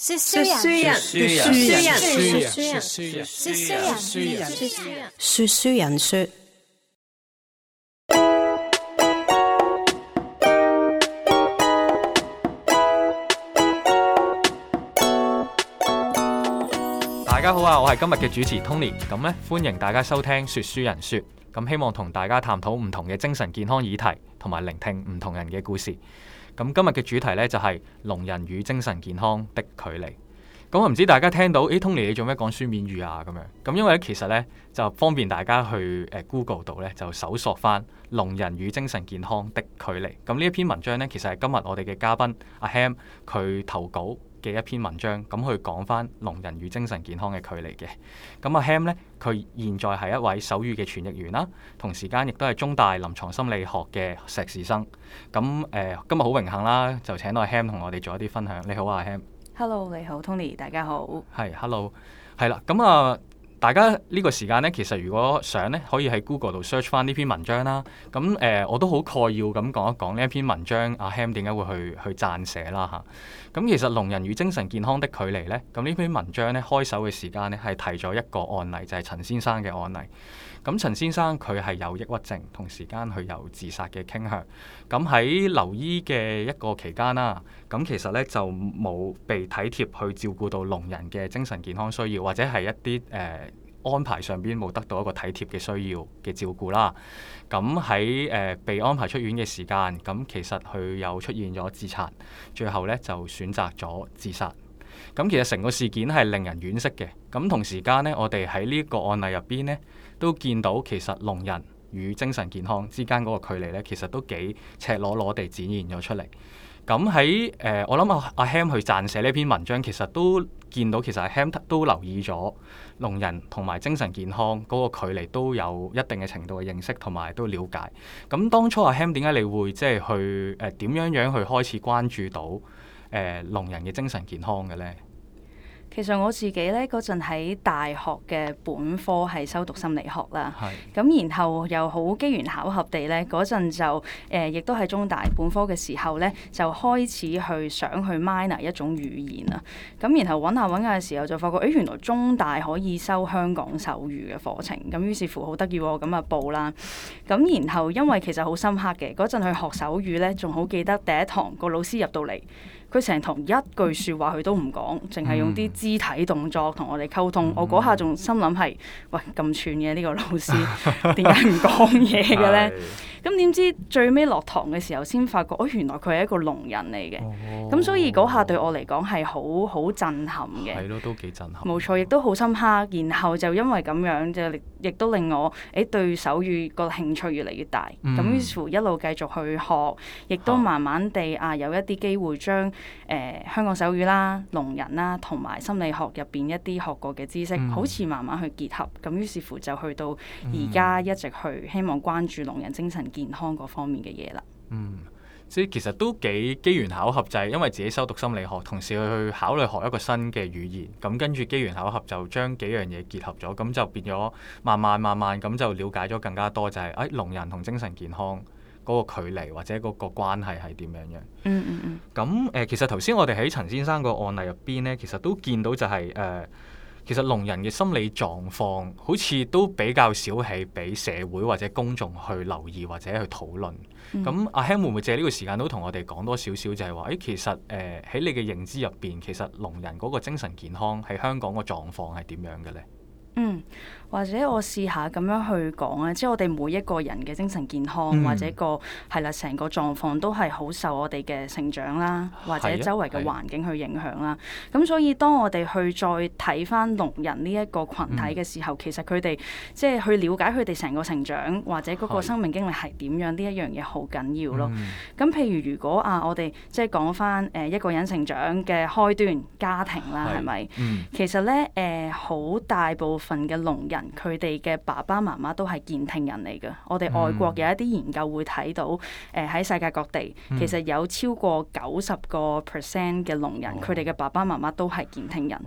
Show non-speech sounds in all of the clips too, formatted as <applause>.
說書人，說書人，說書人，說書人，說書人，說書人，說書人說，大家好啊，我係今日嘅主持 Tony，咁呢，歡迎大家收聽說書人說，咁希望同大家探討唔同嘅精神健康議題，同埋聆聽唔同人嘅故事。咁今日嘅主題呢，就係聾人與精神健康的距離。咁我唔知大家聽到，誒，Tony 你做咩講書面語啊？咁樣。咁因為其實呢，就方便大家去 Google 度呢，就搜索返聾人與精神健康的距離。咁呢一篇文章呢，其實係今日我哋嘅嘉賓阿 Ham 佢投稿。嘅一篇文章，咁、嗯、去講翻聾人與精神健康嘅距離嘅。咁、嗯、阿 Ham 咧，佢現在係一位手語嘅傳譯員啦，同時間亦都係中大臨床心理學嘅碩士生。咁、嗯、誒、呃，今日好榮幸啦，就請到阿 Ham 同我哋做一啲分享。你好啊，阿 Ham。Hello，你好，Tony，大家好。係，Hello，係啦。咁、嗯、啊。嗯大家呢個時間呢，其實如果想呢，可以喺 Google 度 search 翻呢篇文章啦。咁誒、呃，我都好概要咁講一講呢篇文章，阿 Ham 點解會去去撰寫啦嚇。咁、啊、其實《聾人與精神健康的距離》呢。咁呢篇文章呢，開首嘅時間呢，係提咗一個案例，就係、是、陳先生嘅案例。咁陳先生佢係有抑鬱症，同時間佢有自殺嘅傾向。咁喺留醫嘅一個期間啦。咁其實咧就冇被體貼去照顧到聾人嘅精神健康需要，或者係一啲誒、呃、安排上邊冇得到一個體貼嘅需要嘅照顧啦。咁喺誒被安排出院嘅時間，咁其實佢又出現咗自殘，最後咧就選擇咗自殺。咁其實成個事件係令人惋惜嘅。咁同時間呢，我哋喺呢個案例入邊呢，都見到其實聾人與精神健康之間嗰個距離呢，其實都幾赤裸裸地展現咗出嚟。咁喺誒，我諗阿阿 Ham 去撰寫呢篇文章，其實都見到其實阿 Ham 都留意咗聾人同埋精神健康嗰個距離都有一定嘅程度嘅認識同埋都了解。咁當初阿 Ham 點解你會即係去誒點樣樣去開始關注到誒聾、呃、人嘅精神健康嘅咧？其實我自己咧嗰陣喺大學嘅本科係修讀心理學啦，咁的然後又好機緣巧合地咧嗰陣就誒、呃，亦都喺中大本科嘅時候咧，就開始去想去 minor 一種語言啦。咁然後揾下揾下嘅時候就發覺，誒、哎、原來中大可以修香港手語嘅課程，咁於是乎好得意喎，咁啊報啦。咁然後因為其實好深刻嘅嗰陣去學手語呢，仲好記得第一堂個老師入到嚟。佢成堂一句說話佢都唔講，淨係用啲肢體動作同我哋溝通。嗯、我嗰下仲心諗係，喂咁串嘅呢個老師點解唔講嘢嘅呢？」 <laughs> 咁點知最尾落堂嘅時候，先發覺哦，原來佢係一個聾人嚟嘅。咁、哦嗯、所以嗰下對我嚟講係好好震撼嘅。係咯，都幾震撼。冇錯，亦都好深刻。然後就因為咁樣，就亦都令我誒、欸、對手語個興趣越嚟越大。咁於、嗯、是乎一路繼續去學，亦都慢慢地啊，啊，有一啲機會將誒、呃、香港手語啦、聾人啦，同埋心理學入邊一啲學過嘅知識，嗯、好似慢慢去結合。咁於是乎就去到而家一直去希望，去去希望關注聾人精神。嗯健康嗰方面嘅嘢啦，嗯，即係其實都幾機緣巧合就係，因為自己修讀心理學，同時去去考慮學一個新嘅語言，咁跟住機緣巧合就將幾樣嘢結合咗，咁就變咗慢慢慢慢咁就了解咗更加多，就係誒聾人同精神健康嗰個距離或者嗰個關係係點樣嘅。嗯嗯嗯，咁誒、呃，其實頭先我哋喺陳先生個案例入邊咧，其實都見到就係誒。呃其實聾人嘅心理狀況好似都比較少係俾社會或者公眾去留意或者去討論。咁、嗯、阿 Ham 會唔會借呢個時間都同我哋講多少少？就係話，誒其實誒喺你嘅認知入邊，其實聾、呃、人嗰個精神健康喺香港個狀況係點樣嘅呢？嗯。或者我試下咁樣去講啊，即係我哋每一個人嘅精神健康、嗯、或者個係啦，成個狀況都係好受我哋嘅成長啦，或者周圍嘅環境去影響啦。咁所以當我哋去再睇翻聾人呢一個群體嘅時候，其實佢哋即係去了解佢哋成個成長或者嗰個生命經歷係點樣呢一樣嘢好緊要咯。咁、嗯嗯嗯嗯、譬如如果啊，我哋即係講翻誒一個人成長嘅開端家庭啦，係咪？嗯嗯、其實咧誒好大部分嘅聾人。佢哋嘅爸爸媽媽都係健聽人嚟嘅。我哋外國有一啲研究會睇到，誒喺、嗯呃、世界各地其實有超過九十個 percent 嘅聾人，佢哋嘅爸爸媽媽都係健聽人。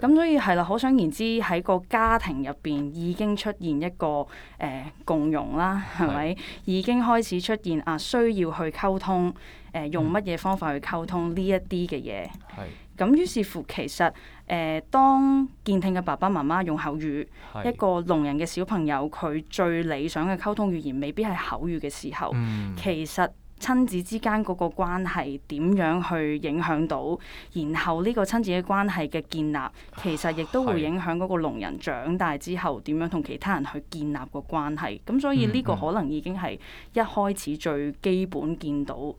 咁、哦 okay。所以係啦，可想而知喺個家庭入邊已經出現一個誒、呃、共融啦，係咪是已經開始出現啊？需要去溝通，誒、呃、用乜嘢方法去溝通呢一啲嘅嘢？嗯咁於是乎，其實誒、呃，當健聽嘅爸爸媽媽用口語，是一個聾人嘅小朋友，佢最理想嘅溝通語言未必係口語嘅時候，嗯、其實親子之間嗰個關係點樣去影響到，然後呢個親子嘅關係嘅建立，其實亦都會影響嗰個聾人長大之後點樣同其他人去建立個關係。咁所以呢個可能已經係一開始最基本見到，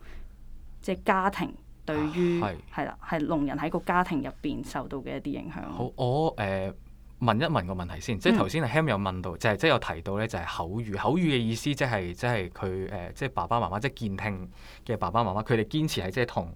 即家庭。對於係啦，係聾人喺個家庭入邊受到嘅一啲影響，啊。好，我誒、呃、問一問個問題先，即係頭先係 Ham 有問到，就係即係有提到咧，就係、是、口語，口語嘅意思即係即係佢誒，即、就、係、是呃就是、爸爸媽媽，即係健聽嘅爸爸媽媽，佢哋堅持係即係同。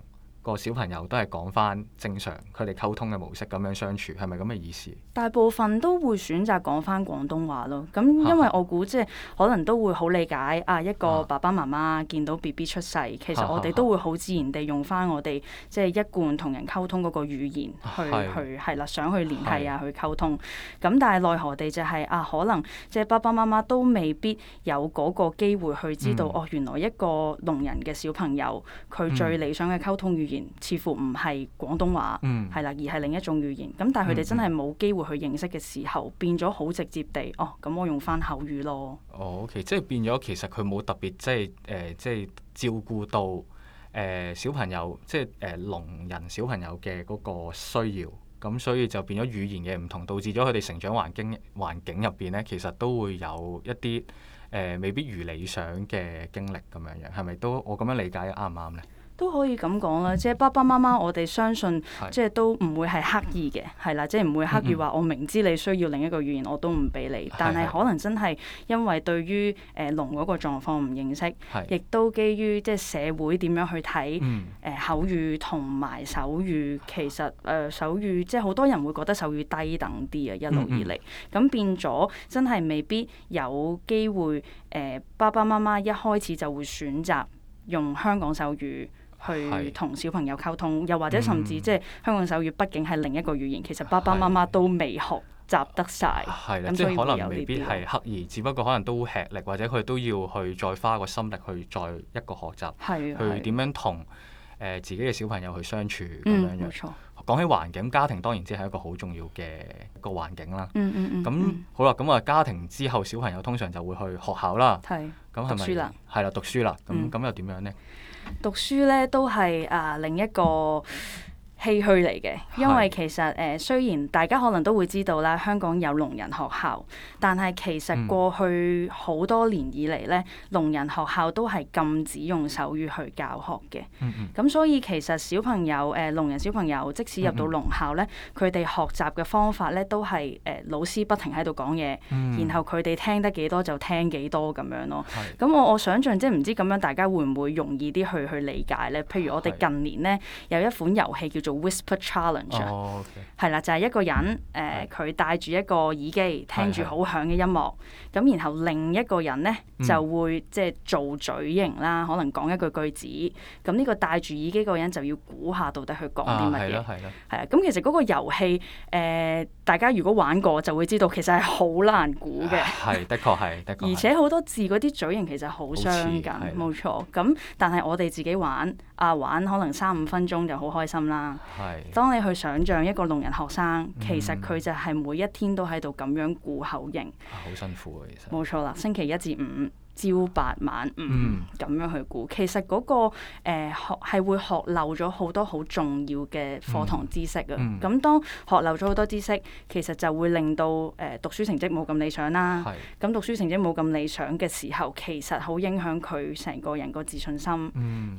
個小朋友都係講翻正常，佢哋溝通嘅模式咁樣相處係咪咁嘅意思？大部分都會選擇講翻廣東話咯。咁、嗯、因為我估即係可能都會好理解啊，一個爸爸媽媽見到 BB 出世，其實我哋都會好自然地用翻我哋、啊啊、即係一貫同人溝通嗰個語言去的去係啦，想去聯繫啊，的去溝通。咁但係奈何地就係、是、啊，可能即係爸爸媽媽都未必有嗰個機會去知道、嗯、哦，原來一個聾人嘅小朋友佢最理想嘅溝通語言。似乎唔係廣東話，係啦、嗯，而係另一種語言。咁、嗯、但係佢哋真係冇機會去認識嘅時候，嗯、變咗好直接地，哦，咁我用返口語咯。哦，OK，即係變咗，其實佢冇特別即係誒，即係、呃、照顧到誒、呃、小朋友，即係誒聾人小朋友嘅嗰個需要。咁所以就變咗語言嘅唔同，導致咗佢哋成長環境環境入邊咧，其實都會有一啲誒、呃、未必如理想嘅經歷咁樣樣。係咪都我咁樣理解啱唔啱咧？都可以咁講啦，即係爸爸媽媽，我哋相信即係都唔會係刻意嘅，係啦的，即係唔會刻意話我明知你需要另一個語言我都唔俾你，但係可能真係因為對於誒聾嗰個狀況唔認識，亦的都基於即係社會點樣去睇誒的、呃、口語同埋手語，其實誒、呃、手語即係好多人會覺得手語低等啲啊，一路以嚟，咁的變咗真係未必有機會誒、呃、爸爸媽媽一開始就會選擇用香港手語。去同小朋友溝通，又或者甚至即係香港手語，畢竟係另一個語言，嗯、其實爸爸媽媽都未學習得曬，即的所可能未，點點未必係刻意，只不過可能都吃力，或者佢都要去再花個心力去再一個學習，的去點樣同誒自己嘅小朋友去相處咁樣的樣。講、嗯、起環境，家庭當然只係一個好重要嘅個環境啦。咁、嗯嗯嗯嗯、好啦，咁啊家庭之後，小朋友通常就會去學校啦。係的。咁係咪？係啦，讀書啦。咁咁又點樣呢？嗯讀書咧都係啊另一個。唏噓嚟嘅，因為其實誒、呃、雖然大家可能都會知道啦，香港有聾人學校，但係其實過去好多年以嚟咧，聾、嗯、人學校都係禁止用手語去教學嘅。咁、嗯嗯、所以其實小朋友誒聾、呃、人小朋友即使入到聾校咧，佢哋、嗯嗯、學習嘅方法咧都係誒、呃、老師不停喺度講嘢，嗯、然後佢哋聽得幾多就聽幾多咁樣咯。咁我、嗯、我想象即係唔知咁樣大家會唔會容易啲去去理解咧？譬如我哋近年咧有一款遊戲叫做。做 Whisper Challenge，啊，係啦，就係、是、一個人誒，佢、呃、戴住一個耳機聽住好響嘅音樂，咁的然後另一個人咧就會、嗯、即係做嘴型啦，可能講一句句子，咁呢個戴住耳機嗰人就要估下到底佢講啲乜嘢？係啦，係啦，係啊！咁、嗯、其實嗰個遊戲、呃、大家如果玩過就會知道，其實係好難估嘅。係、啊，的確係的確。而且好多字嗰啲嘴型其實好相近㗎，冇錯。咁但係我哋自己玩啊，玩可能三五分鐘就好開心啦。是當你去想像一個聾人學生，嗯、其實佢就係每一天都喺度咁樣估口型，好、啊、辛苦啊！冇錯啦，星期一至五。朝八晚五咁、嗯、樣去估，其實嗰、那個誒、呃、學係會學漏咗好多好重要嘅課堂知識啊。咁、嗯、當學漏咗好多知識，其實就會令到誒、呃、讀書成績冇咁理想啦。咁是讀書成績冇咁理想嘅時候，其實好影響佢成個人個自信心，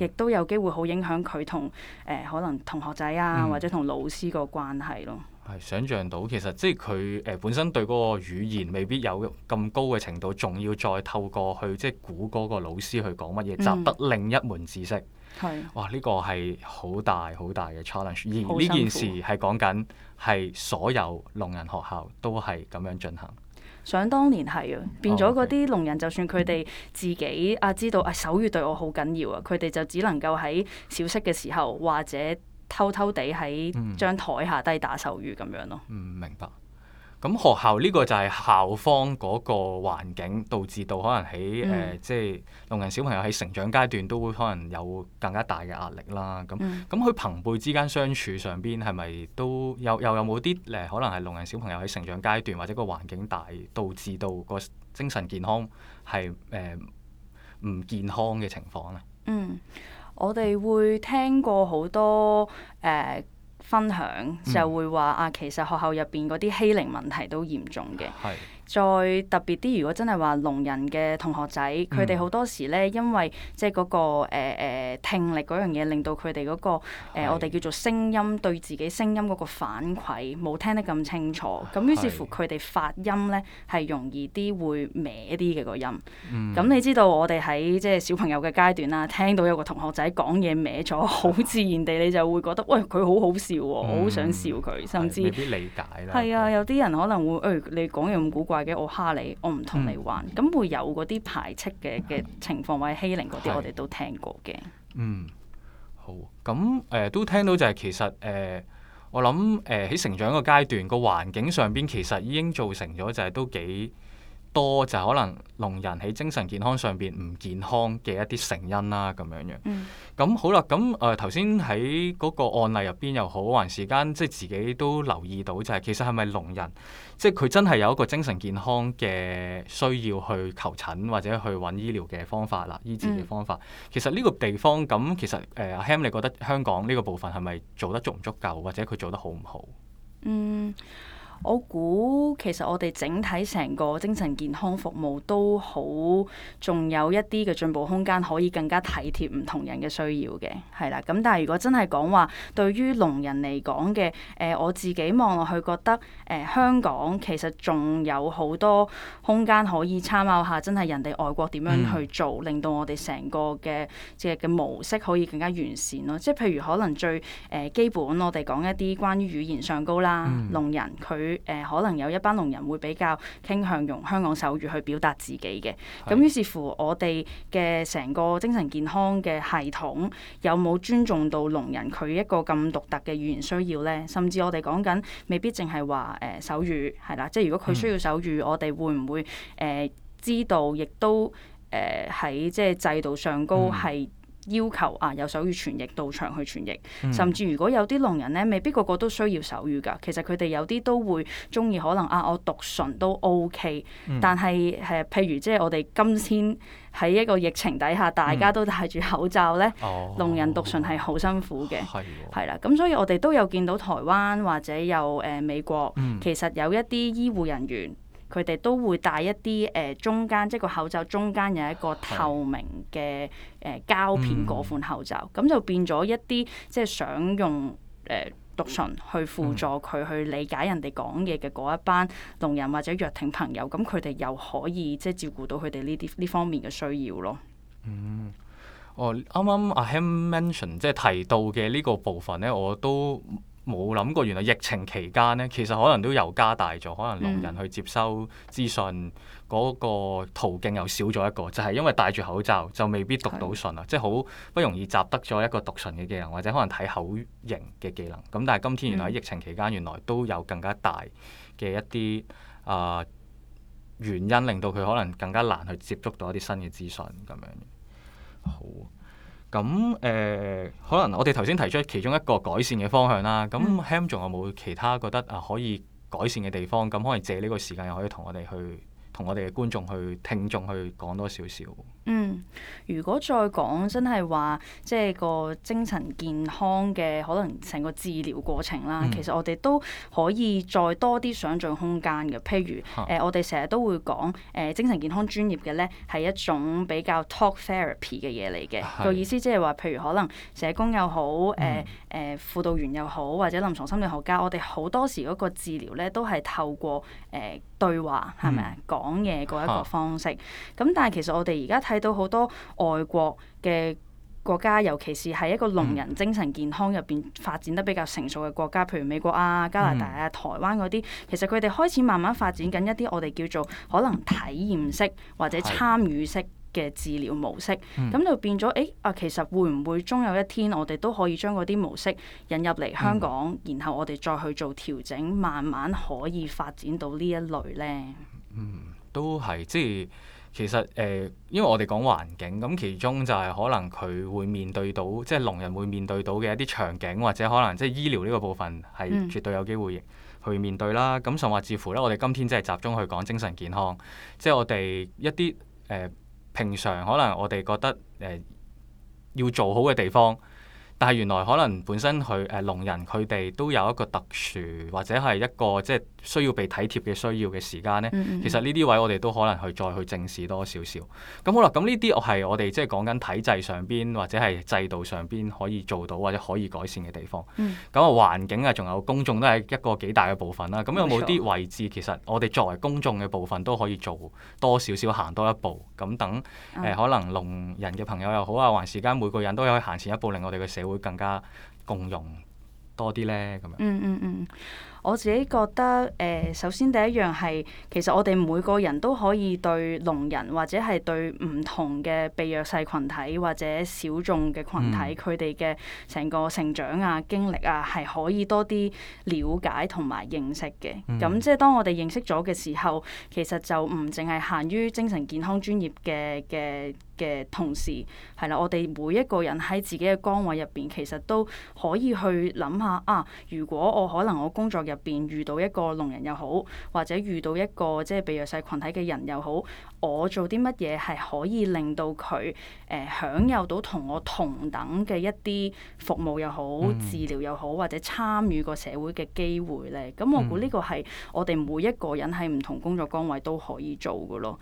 亦、嗯、都有機會好影響佢同誒可能同學仔啊，嗯、或者同老師個關係咯。係想象到，其實即係佢誒本身對嗰個語言未必有咁高嘅程度，仲要再透過去即係估嗰個老師去講乜嘢，嗯、習得另一門知識。係是。哇！呢、這個係好大好大嘅 challenge，而呢件事係講緊係所有聾人學校都係咁樣進行。想當年係 Okay. 啊，變咗嗰啲聾人，就算佢哋自己啊知道啊手語對我好緊要啊，佢哋就只能夠喺小息嘅時候或者，偷偷地喺張台下低打手語咁樣咯。嗯，明白。咁學校呢個就係校方嗰個環境導致到可能喺誒、嗯呃，即係聾人小朋友喺成長階段都會可能有更加大嘅壓力啦。咁咁佢朋輩之間相處上邊係咪都有，又有冇啲誒？可能係聾人小朋友喺成長階段或者個環境大導致到個精神健康係誒唔健康嘅情況咧。嗯。我哋會聽過好多誒、呃、分享，嗯、就會話啊，其實學校入邊嗰啲欺凌問題都嚴重嘅。係。再特別啲，如果真係話聾人嘅同學仔，佢哋好多時咧，因為即係嗰、那個誒誒、呃、聽力嗰樣嘢，令到佢哋嗰個是、呃、我哋叫做聲音對自己聲音嗰個反饋冇聽得咁清楚，咁於是乎佢哋發音咧係容易啲會歪啲嘅個音。咁、嗯、你知道我哋喺即係小朋友嘅階段啦，聽到有個同學仔講嘢歪咗，好自然地你就會覺得，喂，佢好好笑、哦，我好想笑佢，嗯、甚至係啊，有啲人可能會誒、哎、你講嘢咁古怪。嘅我嚇你，我唔同你玩，咁、嗯、會有嗰啲排斥嘅嘅情況，嗯、或者欺凌嗰啲，是我哋都聽過嘅。嗯，好咁誒、呃，都聽到就係其實誒，我諗誒喺成長個階段個環境上邊，其實已經造成咗就係都幾多就可能聾人喺精神健康上邊唔健康嘅一啲成因啦咁樣樣。咁、嗯、好啦，咁誒頭先喺嗰個案例入邊又好，還時間即係自己都留意到就係、是、其實係咪聾人即係佢真係有一個精神健康嘅需要去求診或者去揾醫療嘅方法啦，醫治嘅方法。嗯、其實呢個地方咁，其實誒阿、呃、Ham，你覺得香港呢個部分係咪做得足唔足夠，或者佢做得好唔好？嗯我估其實我哋整體成個精神健康服務都好，仲有一啲嘅進步空間，可以更加體貼唔同人嘅需要嘅，係啦。咁但係如果真係講話，對於聾人嚟講嘅，誒、呃、我自己望落去覺得，誒、呃、香港其實仲有好多空間可以參考下，真係人哋外國點樣去做，嗯、令到我哋成個嘅嘅嘅模式可以更加完善咯。即係譬如可能最誒、呃、基本，我哋講一啲關於語言上高啦，聾、嗯、人佢。誒，可能有一班聾人會比較傾向用香港手語去表達自己嘅，咁於是乎，我哋嘅成個精神健康嘅系統有冇尊重到聾人佢一個咁獨特嘅語言需要呢？甚至我哋講緊未必淨係話誒手語係啦，即係如果佢需要手語，嗯、我哋會唔會誒、呃、知道，亦都誒喺、呃、即係制度上高係？要求啊，有手語傳譯到場去傳譯，嗯、甚至如果有啲聾人咧，未必個個都需要手語㗎。其實佢哋有啲都會鍾意，可能啊，我讀唇都 O、OK, K、嗯。但係譬如即係我哋今天喺一個疫情底下，大家都戴住口罩咧，聾、嗯哦、人讀唇係好辛苦嘅，係、哦哦、啦。咁所以我哋都有見到台灣或者有誒、呃、美國，嗯、其實有一啲醫護人員。佢哋都會戴一啲誒、呃、中間，即係個口罩中間有一個透明嘅誒膠片嗰款口罩，咁、嗯、就變咗一啲即係想用誒讀唇去輔助佢、嗯、去理解人哋講嘢嘅嗰一班聾人或者弱聽朋友，咁佢哋又可以即係照顧到佢哋呢啲呢方面嘅需要咯。嗯，我、哦、啱啱阿 Ham、ah、mention 即係提到嘅呢個部分咧，我都冇諗過，原來疫情期間呢，其實可能都又加大咗，可能聾人去接收資訊嗰個途徑又少咗一個，就係、是、因為戴住口罩就未必讀到唇啊，的即係好不容易習得咗一個讀唇嘅技能，或者可能睇口型嘅技能。咁但係今天原來喺疫情期間，嗯、原來都有更加大嘅一啲啊、呃、原因，令到佢可能更加難去接觸到一啲新嘅資訊咁樣。好。咁誒、呃，可能我哋頭先提出其中一個改善嘅方向啦。咁 Ham 仲有冇其他覺得啊，可以改善嘅地方？咁可能借呢個時間又可以同我哋去。同我哋嘅觀眾去聽眾去講多少少。嗯，如果再講真係話，即係個精神健康嘅可能成個治療過程啦，嗯、其實我哋都可以再多啲想像空間嘅。譬如誒、啊呃，我哋成日都會講誒、呃、精神健康專業嘅咧係一種比較 talk therapy 嘅嘢嚟嘅。個是意思即係話，譬如可能社工又好，誒誒、嗯呃、輔導員又好，或者臨床心理學家，我哋好多時嗰個治療咧都係透過誒。呃呃對話係咪啊？講嘢嗰一個方式，咁、嗯、但係其實我哋而家睇到好多外國嘅國家，尤其是係一個聾人精神健康入邊發展得比較成熟嘅國家，譬如美國啊、加拿大啊、台灣嗰啲，其實佢哋開始慢慢發展緊一啲我哋叫做可能體驗式或者參與式嗯嗯嘅治療模式，咁、嗯、就變咗誒、欸、啊。其實會唔會終有一天，我哋都可以將嗰啲模式引入嚟香港，嗯、然後我哋再去做調整，慢慢可以發展到呢一類呢？嗯、都係即係其實誒、呃，因為我哋講環境咁，其中就係可能佢會面對到即係聾人會面對到嘅一啲場景，或者可能即係醫療呢個部分係絕對有機會去面對啦。咁、嗯，甚或至乎呢，我哋今天即係集中去講精神健康，即係我哋一啲誒。呃平常可能我哋覺得誒、呃、要做好嘅地方，但係原來可能本身佢誒、呃，聾人佢哋都有一個特殊或者係一個即係。就是需要被體貼嘅需要嘅時間呢，嗯嗯，其實呢啲位我哋都可能去再去正視多少少。咁好啦，咁呢啲我係我哋即係講緊體制上邊或者係制度上邊可以做到或者可以改善嘅地方。咁啊、嗯、環境啊，仲有公眾都係一個幾大嘅部分啦。咁有冇啲位置其實我哋作為公眾嘅部分都可以做多少少行多一步？咁等、呃、可能聾人嘅朋友又好啊，還是間每個人都可以行前一步，令我哋嘅社會更加共融多啲呢。咁樣。嗯嗯嗯我自己覺得，誒、呃，首先第一樣係，其實我哋每個人都可以對聾人或者係對唔同嘅被弱勢群體或者小眾嘅群體，佢哋嘅成個成長啊、經歷啊，係可以多啲了解同埋認識嘅。咁、嗯、即係當我哋認識咗嘅時候，其實就唔淨係限於精神健康專業嘅嘅。嘅同時，係啦，我哋每一個人喺自己嘅崗位入邊，其實都可以去諗下啊。如果我可能我工作入邊遇到一個聾人又好，或者遇到一個即係被弱勢群體嘅人又好。我做啲乜嘢係可以令到佢誒、呃、享有到同我同等嘅一啲服務又好、嗯、治療又好，或者參與個社會嘅機會咧？咁、嗯、我估呢個係我哋每一個人喺唔同工作崗位都可以做嘅咯。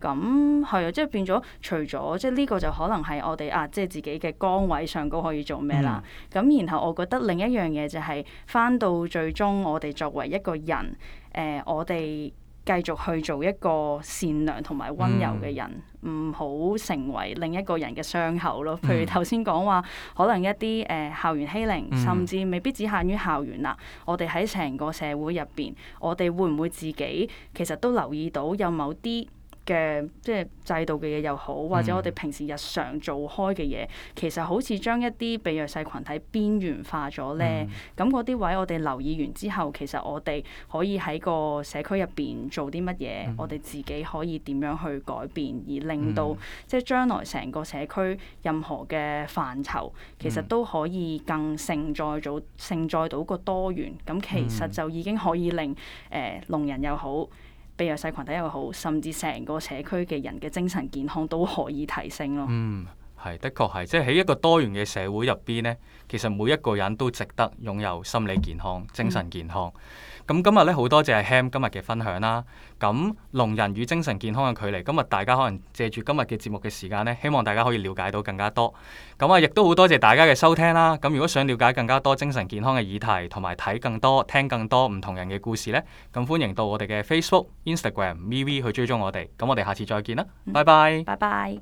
咁係啊，即係變咗，除咗即係呢個就可能係我哋啊，即係自己嘅崗位上高可以做咩啦？咁、嗯、然後我覺得另一樣嘢就係返到最終我哋作為一個人，誒、呃、我哋。繼續去做一個善良同埋溫柔嘅人，唔好、嗯、成為另一個人嘅傷口咯。譬如頭先講話，可能一啲誒、呃、校園欺凌，甚至未必只限於校園啦。我哋喺成個社會入邊，我哋會唔會自己其實都留意到有某啲？嘅即係制度嘅嘢又好，或者我哋平時日常做開嘅嘢，嗯、其實好似將一啲被弱勢群體邊緣化咗咧。咁嗰啲位我哋留意完之後，其實我哋可以喺個社區入邊做啲乜嘢，嗯、我哋自己可以點樣去改變，而令到即係將來成個社區任何嘅範疇，嗯、其實都可以更盛載到，盛載到個多元。咁其實就已經可以令誒聾、呃、人又好。被弱勢群體又好，甚至成個社區嘅人嘅精神健康都可以提升咯。嗯係，的確係，即係喺一個多元嘅社會入邊呢，其實每一個人都值得擁有心理健康、精神健康。咁、嗯、今日呢，好多謝 Ham 今日嘅分享啦。咁聾人與精神健康嘅距離，今日大家可能借住今日嘅節目嘅時間呢，希望大家可以了解到更加多。咁啊，亦都好多謝大家嘅收聽啦。咁如果想了解更加多精神健康嘅議題，同埋睇更多、聽更多唔同人嘅故事呢，咁歡迎到我哋嘅 Facebook、Instagram、Viv 去追蹤我哋。咁我哋下次再見啦，拜拜、嗯，拜拜。